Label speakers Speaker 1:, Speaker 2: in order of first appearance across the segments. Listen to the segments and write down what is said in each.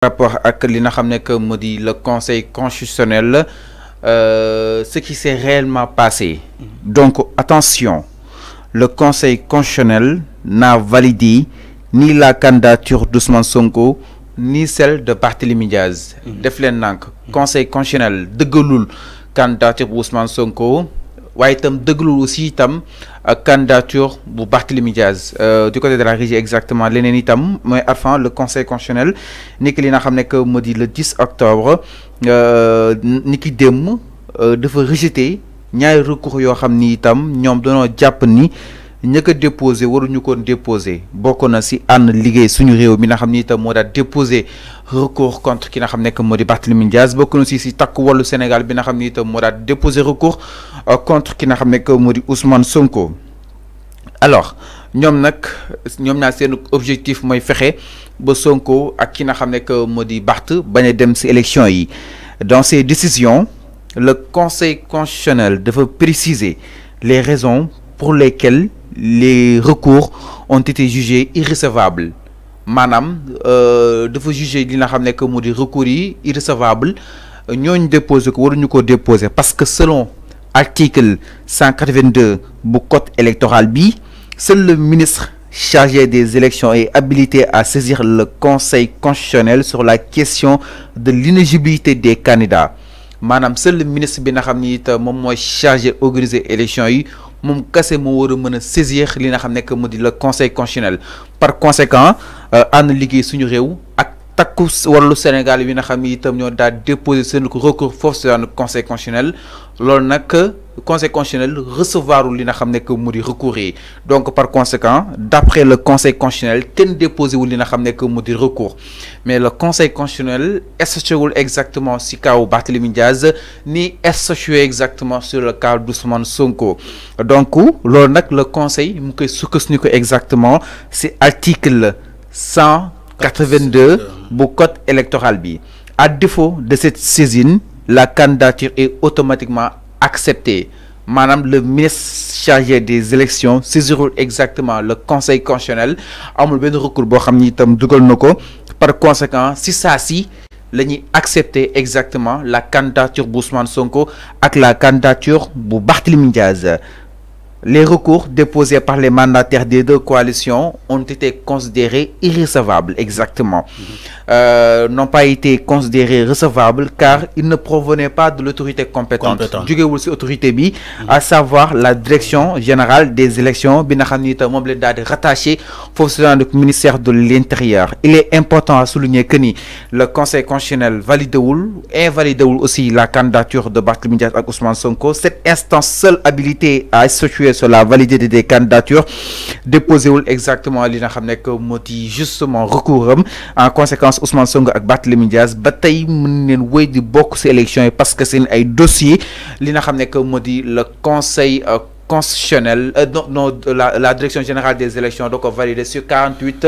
Speaker 1: rapport à ce que le conseil constitutionnel euh, ce qui s'est réellement passé donc attention le conseil constitutionnel n'a validé ni la candidature d'Ousmane Sonko ni celle de Barthélémy Diaz mhm. def le conseil constitutionnel la candidature d'Ousmane Sonko de aussi candidature bu Barthélémy Diaz euh, du côté de la régie exactement leneen itam mooy Arfan le conseil constitutionnel ni ki li nga xam que moo le 10 octobre euh, ni ki de euh, dafa rejeté ñaari recours yoo xam ni itam ñoom dañoo jàpp ni ña ko déposé waruñu koon déposé bokk na si ànd liggéey suñu réew mi nga xam ni itam moo daal déposé recours contre ki nga xam que moo di Barthélémy Diaz bokk na si si takk wàllu Sénégal bi nga xam itam moo daal déposé recours contre ki n'a xam nekk moo di Ousmane Sonko alors nous nous objectif que dans ces décisions le conseil constitutionnel devait préciser les raisons pour lesquelles les recours ont été jugés irrécevables Madame, euh, vous juger que modi recours déposé parce que selon article 182 bu code électoral bi Seul le ministre chargé des élections est habilité à saisir le Conseil constitutionnel sur la question de l'inéligibilité des candidats madame seul le ministre bi est chargé d'organiser l'élection. yi moom kese saisir le Conseil constitutionnel par conséquent Anne euh, ligue suñu réew ak ou à Sénégal yi nga xam itam ñoo déposer recours le Conseil constitutionnel conseil constitutionnel recevoir ou nga que donc par conséquent d'après le conseil constitutionnel ten déposé ou li que recours mais le conseil constitutionnel est que wul exactement si cas Barthélémy Diaz ni est ce que exactement sur le cas d'Ousmane Sonko donc le conseil ce que que exactement C'est article 182 code électoral bi à défaut de cette saisine la candidature est automatiquement accepté. Madame le ministre chargé des élections c'est exactement le conseil constitutionnel amul ben recours bo xamni ni dugal par conséquent si ça si la accepté exactement la candidature de Songo Sonko ak la candidature bu Barthélémy Diaz les recours déposés par les mandataires des deux coalitions ont été considérés irrécevables, exactement. Mhm. Euh, n'ont pas été considérés recevables car ils ne provenaient pas de l'autorité compétente. Du autorité bi, mhm. à savoir la direction générale des élections, rattachée au ministère de l'Intérieur. Il est important à souligner que ni le Conseil constitutionnel valide ou invalide aussi la candidature de Barthélémy Diaz et Ousmane Sonko. Cette instance seule habilitée à effectuer sur la validité des candidatures déposé exactement li nga justement recours en conséquence Ousmane Sonko ak Barthélémy médias bataille tey mën élection parce que c'est un dossier li le conseil euh, constitutionnel euh, non la direction générale des élections donc validé sur 48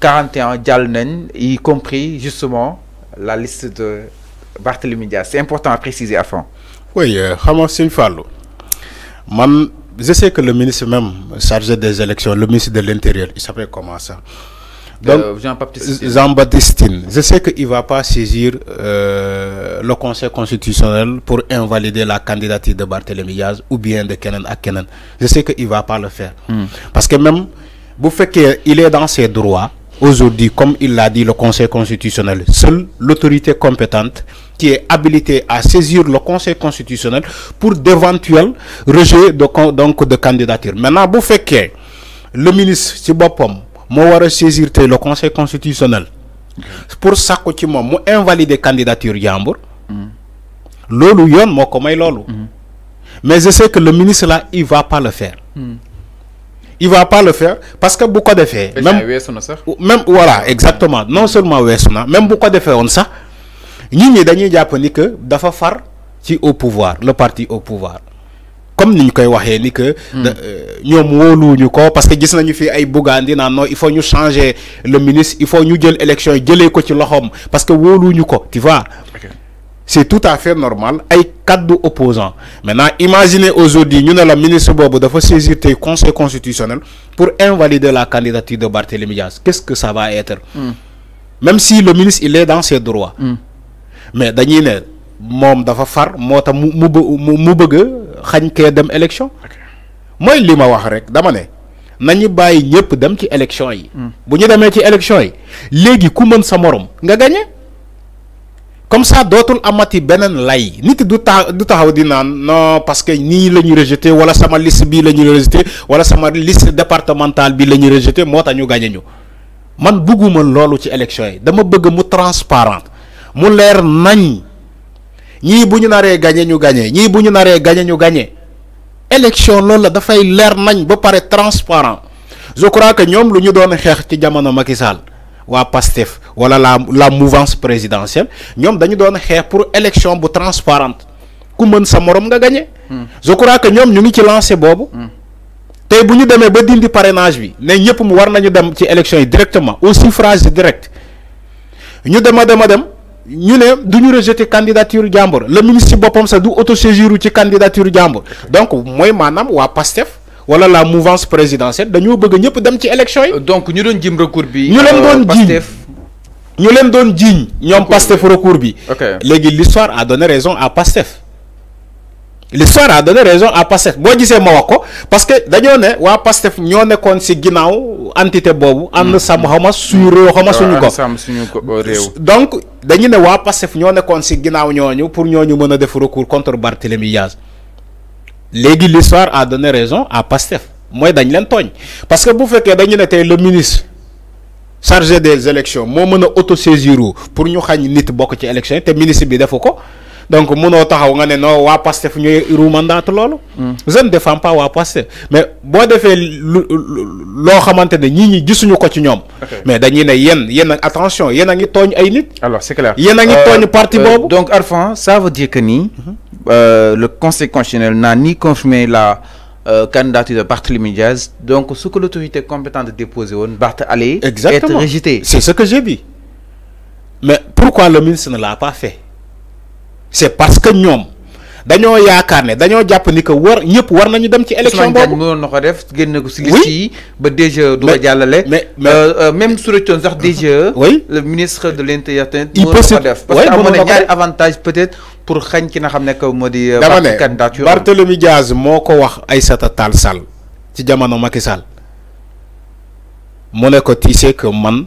Speaker 1: 41 Djalnen, y compris justement la liste de Barthélémy médias c'est important à préciser à fond
Speaker 2: oui xam nga Sëñ man je sais que le ministre même chargé des élections, le ministre de l'Intérieur, il s'appelle comment ça donc, Jean-Baptiste. Euh, Jean je sais qu'il ne va pas saisir euh, le Conseil constitutionnel pour invalider la candidature de Barthélémy Diaz ou bien de Kenan à Kenan. Je sais qu'il ne va pas le faire. Hmm. Parce que même, vous faites qu'il est dans ses droits aujourd'hui, comme il l'a dit le Conseil constitutionnel, seule l'autorité compétente qui est habilitée à saisir le Conseil constitutionnel pour d'éventuels rejets de, donc, de candidature. Maintenant, vous faites que le ministre Sibopom m'a saisir le Conseil constitutionnel pour ça que invalider candidature Yambour. Lolo yon mm-hmm. Mais je sais que le ministre là, il va pas le faire. Mm-hmm il va pas le faire parce que beaucoup de faits. même même voilà exactement non seulement weesu même beaucoup de faits ont ça. dañuy ni que dafa far au pouvoir le parti au pouvoir comme nous ñu koy waxee ni que. sommes hmm. euh, au ko parce que gis nañu fi ay non il faut ñu changer le ministre il faut ñu jël élection nous ko ci loxoom parce que wóoluwuñu ko tu vois c'est tout à fait normal avec quatre opposants. maintenant imaginez aujourd'hui nous, ne la ministre Bobo. dafa saisir le conseil constitutionnel pour invalider la candidature de Barthélémy Diaz. qu'est-ce que ça va être hmm. même si le ministre il est dans ses droits hmm. mais Daniel, mom moom dafa far moo mu mu mu bëgg xañ kee dem élection je li ma wax rek dama né nañu bàyyi ñëpp dem ci élection yi hmm. bu ñu démé ci élection yi qui ku mën sa morom nga gagné comme ça d'autres amati benen lay nit du tax du taxaw di nan non parce que ni lañu rejeter rejeté wala sama liste bi lañu rejeter rejeté wala sama liste départementale bi lañu rejeter rejeté moo ñu gagné ñu man bëgguma lolu ci élection yi dama bëgg mu transparent mu leer nañ ñi buñu naré gagné ñu gagné ñi buñu naré gagné ñu gagné élection lolu la fay leer nañ ba paré transparent je crois que ñom lu ñu doon xex ci jamono Macky Sall à PASTEF wala la la mouvance présidentielle ñom dañu doon xeex pour élection bu transparente ku mën sa morom nga gagné. Hmm. je crois que ñom ñu ngi ci lancé bobu hmm. tay bu ñu demee ba dindi parrainage bi né ñepp mu war nañu dem ci élection directement au suffrage direct ñu de madame dem de dem ñu né duñu rejeter candidature jambour le ministre bopam sa du auto séjour ci candidature jambour donc madame ou à PASTEF wala la mouvance présidentielle dañu bëgg ñëpp dem ci élection yi. donc ñu doon Jim recours bi. ñu leen euh, doon jiiñ ñu leen doon jiiñ ñoom Pastef recours bi. légui l'histoire a donné raison à Pastef. l'histoire a donné raison à Pastef bo gisé ma wax ko parce que dañu ne Wa Pastef ñoo nekkoon ci ginaaw entité bobu and hmm. sàmm xaw ma suñu hmm.
Speaker 1: suñu ko euh,
Speaker 2: donc dañu ne wa Pastef ñoo nekkoon ci ginaaw ñooñu pour ñooñu mëna def recours contre Barthélémy léegi l'histoire a donné raison à Pastef moi dañ leen parce que bu fekkee dañu ne tey le ministre chargé des élections moo mën auto autosaisir wu pour ñu xañ nit bokk ci élections yi te ministre bi defu ko donc mënoo taxaw nga ne non waa Pastef ñooy ruumandaat loolu. Hmm. je ne défends pas waa Pastef mais boo defee lu loo xamante ne ñii ñi gisuñu ko ci ñoom. mais dañuy ne yéen yéen attention yéen a ngi tooñ ay nit. alors c'est clair yéen a ngi euh, parti euh, boobu.
Speaker 1: donc enfin ça veut dire que ni mm-hmm. Euh, le Conseil constitutionnel n'a ni confirmé la euh, candidature de Bartolimidiaz, Donc, ce que l'autorité compétente
Speaker 2: de déposer allait Exactement. être rejeté. C'est ce que j'ai dit. Mais pourquoi le ministre ne l'a pas fait C'est parce que nous, dañoo yaakaar ne dañoo jàpp ni que war ñëpp war nañu dem ci élection boobu mënoon na ko def génn ko si liste yi ba DG e
Speaker 1: du ko jàllale euh, euh, même su rëccoon sax DG e, oui le ministre de l'intérieur tamit mënoon na ko def parce que amoon na ñaari avantage peut-être pour xañ ki nga xam ne que moo di euh, dama ne candidature
Speaker 2: Barthélemy Diaz moo ko wax Aïssata Tall Sall ci jamono Macky Sall mu ne ko tu sais que man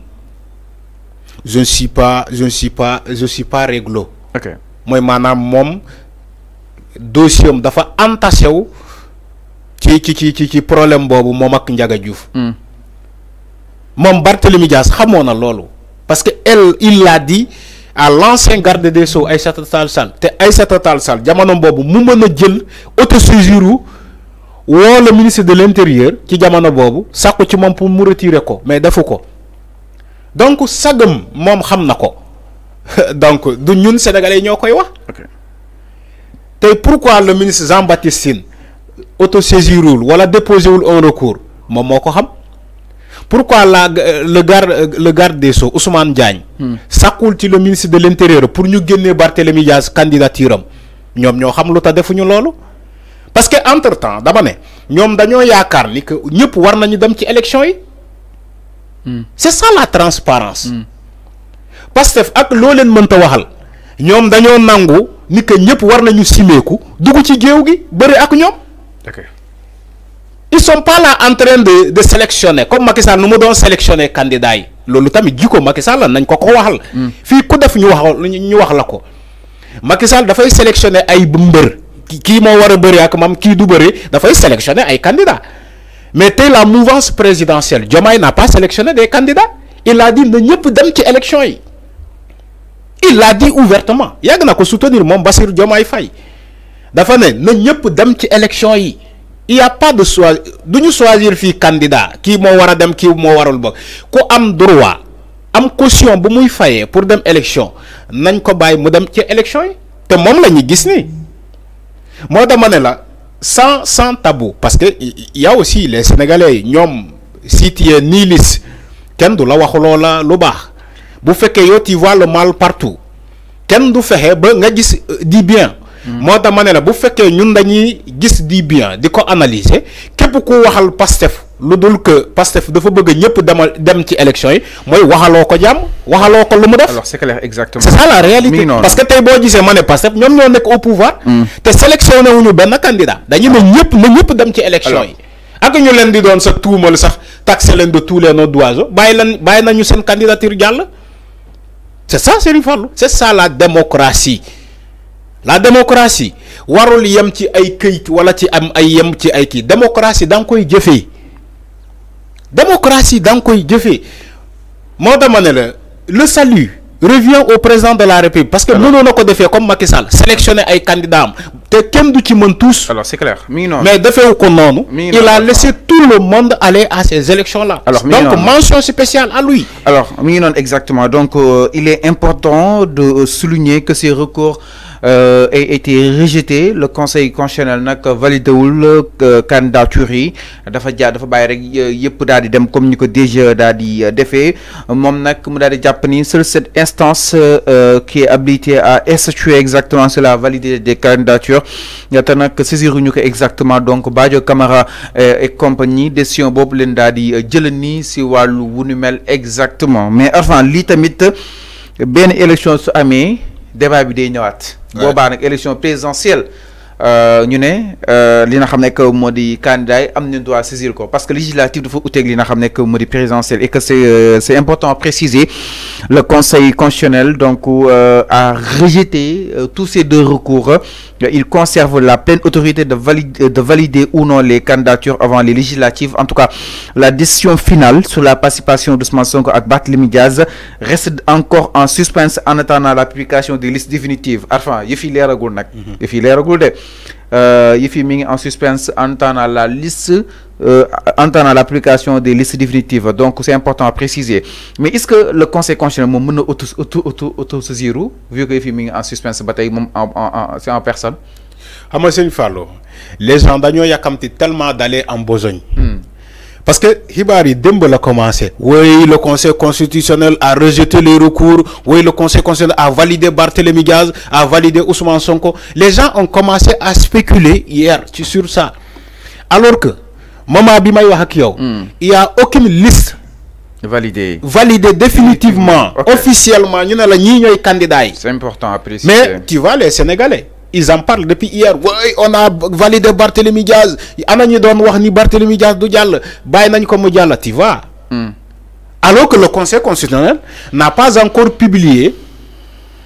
Speaker 2: je ne suis pas je ne suis pas je suis pas réglo ok mooy maanaam moom dossier dafa entaché wu ci ci ci ci problème boobu moom ak Ndiaga Diouf. Hmm. moom Barthélemy Dias xamoon na loolu. parce que elle il l'a dit à l'ancien garde des Sceaux Aïssata Tall Sall te Aïssata Tall sal jamono boobu mu mën a jël autosaisir woo le ministre de l'intérieur ci jamono boobu sàkku ci moom pour mu retirer ko mais defu ko donc sagam moom xam na ko donc du ñun sénégalais ñoo koy wax. pourquoi le ministre Jean Baptiste Tine ou wala déposé un recours mom ne xam pourquoi la euh, le garde euh, le garde des Sceaux Ousmane Diagne. Hmm. sakoul ci le ministre de l'intérieur pour ñu guenné Barthélémy Diaz, candidature ñom ñoom ñoo xam lu tax defuñu loolu. parce que entre temps dama né ñom daño yaakaar ni que nous war nañu dem ci élection yi. Hmm. c'est ça la transparence hmm. Pastef ak lo leen ta waxal ñom daño nangu ni que ñëpp war nañu simeeku dugg ci géew gi bëri ak ñoom. ils sont pas là en train de de sélectionner comme Macky Sall nu mu doon sélectionner candidat yi loolu tamit jiko Macky Sall nañ ko ko waxal. Hmm. fi ku def ñu wax ñu wax la ko. Macky Sall dafay sélectionner ay mbër kii moo war a bëri ak moom ki du bëri dafay sélectionner ay candidats mais té la mouvance présidentielle Diomaye n'a pas sélectionné des candidats il a dit ne ñëpp dem ci élection yi il l'a dit ouvertement yàgg na soutenir mom Bassirou diomay fay dafa ne na ñëpp dem ci élection yi il y a pas de choix du ñu choisir fi candidat ki mo wara dem ki mo warul bok ko am droit am caution bu muy fayé pour dem élection nañ ko bay mu dem ci élection yi te mom lañu gis ni mo dama ne la sans sans tabou parce que il y a aussi les sénégalais ñom ñoom si Ken, es du la waxuloo lola lu baax bu fekkee yow tu vois le mal partout ken du fexé ba nga gis euh, di bien. Mm. moo tax ma la bu fekkee ñun dañuy gis di bien diko analyser képp ku waxal Pastef lu dul que Pastef dafa bëgg ñëpp demal dem ci élection yi moy waxalo ko jàmm waxalo ko lu mu def. alors c'est clair exactement. c'est ça la réalité parce que tay bo gisee mané Pastef ñom ñoo nek au pouvoir. Mm. té sélectionné wuñu benn candidat. dañu ne ñëpp na ñëpp dem ci élection yi. ak ñu leen di doon sax tuumal sax taxer leen de tous les noms d'oiseaux bàyyi leen bàyyi nañu seen candidature jall c'est ça une Fallou c'est ça la démocratie la démocratie warul yem ci ay këyit wala ci am démocratie c'est nga koy démocratie da koy le salut revient au président de la république parce que nous, nous de faire comme Macky sélectionner un candidat tous. alors c'est clair mais il a laissé tout le monde aller à ces élections là. alors donc mention spéciale à lui.
Speaker 1: alors exactement donc euh, il est important de souligner que ces recours. Euh, a été rejeté le conseil constitutionnel nag validé le euh, candidature il dafa jaar dafa bàyyi rek yëpp daal di dem comme ni ko DG daal di euh, defee moom nag seule cette instance qui est habilitée à statuer exactement cela la des candidatures te que saisiruñu ko exactement donc de Camara et compagnie décision bob leen dit di ni si wàllu wu exactement mais avant lii bien benn élection su amee débat bi day ñëwaat boobaa nag élection présidentielle Euh, ñu ne euh, li que modi candidat am ñu saisir parce que les dafa li que modi et que c'est euh, c'est important à préciser le conseil constitutionnel donc a rejeté tous ces deux recours il conserve la pleine autorité de valider de valider ou non les candidatures avant les législatives en tout cas la décision finale sur la participation de Sonko à Barthélémy Diaz reste encore en suspens en attendant l'application des listes définitives enfin a il y a euh, yëf yi mi en suspense en à la liste euh, en à l'application des listes définitives donc c'est important à préciser mais est-ce que le conseil constitutionnel moom mën auto auto auto autosaisiru
Speaker 2: vu que yëf en suspense bataille en en c'est en personne. xam nga sëñ les gens dañoo tellement d'aller en besogne parce que Hibari, Dembo la commencé oui le conseil constitutionnel a rejeté les recours oui le conseil constitutionnel a validé Barthélémy Gaz, a validé Ousmane Sonko les gens ont commencé à spéculer hier sur ça alors que Mama hmm. il n'y a aucune liste validée définitivement officiellement ñu ne la candidats c'est important à préciser mais tu vois les Sénégalais ils en parlent depuis hier oui on a validé Barthélemy Diaz ana ñu wax ni Barthélemy Diaz du jàll Bay nañ ko mu tu vois. Hmm. alors que le conseil constitutionnel n'a pas encore publié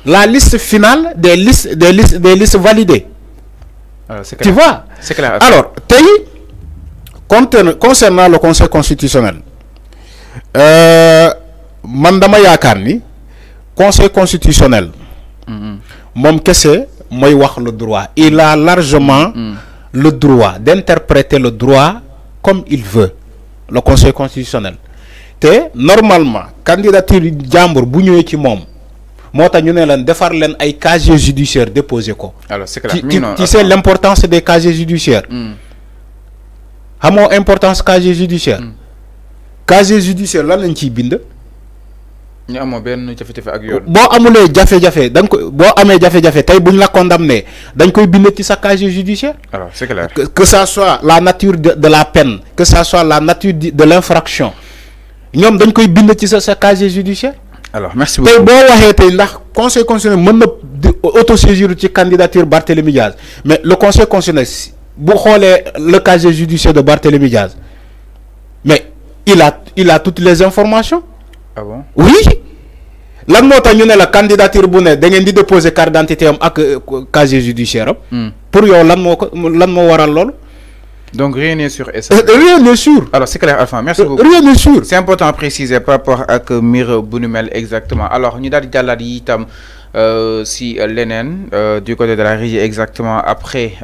Speaker 2: la liste finale des listes des listes des listes validées.
Speaker 1: Euh, tu vois c'est clair alors
Speaker 2: concernant le conseil constitutionnel euh, man dama conseil constitutionnel. Mom hmm, hmm. Kessé le droit il a largement mm. le droit d'interpréter le droit comme il veut le conseil constitutionnel té normalement candidature de bu ñëwé ci mom motax ñu né lan défar judiciaires ay judiciaire déposé ko tu sais euh, l'importance des casiers judiciaires mm. amo importance casier judiciaire mm. casier judiciaire lan lañ
Speaker 1: ñu amoo benn jafe-jafe ak yoon.
Speaker 2: boo amulee jafe-jafe da nga ko boo amee jafe-jafe tey buñ la condamné dañ koy bind ci judiciaire. alors c'est clair. que ça soit la nature de la peine que ça soit la nature de l'infraction ñoom dañ koy bind ci sa saccage judiciaire. alors merci beaucoup tey boo waxee tey ndax conseil constitutionnel mën na di autosaisir ci candidature Barthélémy Diaz mais le conseil constitutionnel bu xoolee le casier judiciaire de Barthélémy Diaz mais il a il a toutes les informations. Ah oui lan mota ñu la candidature bu ne da ngeen di déposer carte d'identité ak euh, casier judiciaire hmm. pour yow lan moo lan waral
Speaker 1: Donc rien n'est sûr
Speaker 2: et ça. Euh, rien n'est sûr. Alors c'est clair, enfin merci euh, beaucoup. Rien sûr.
Speaker 1: C'est important à préciser par rapport à que Mire Bounumel exactement. Alors, nous tam dit si Lenen, du côté de la régie exactement après.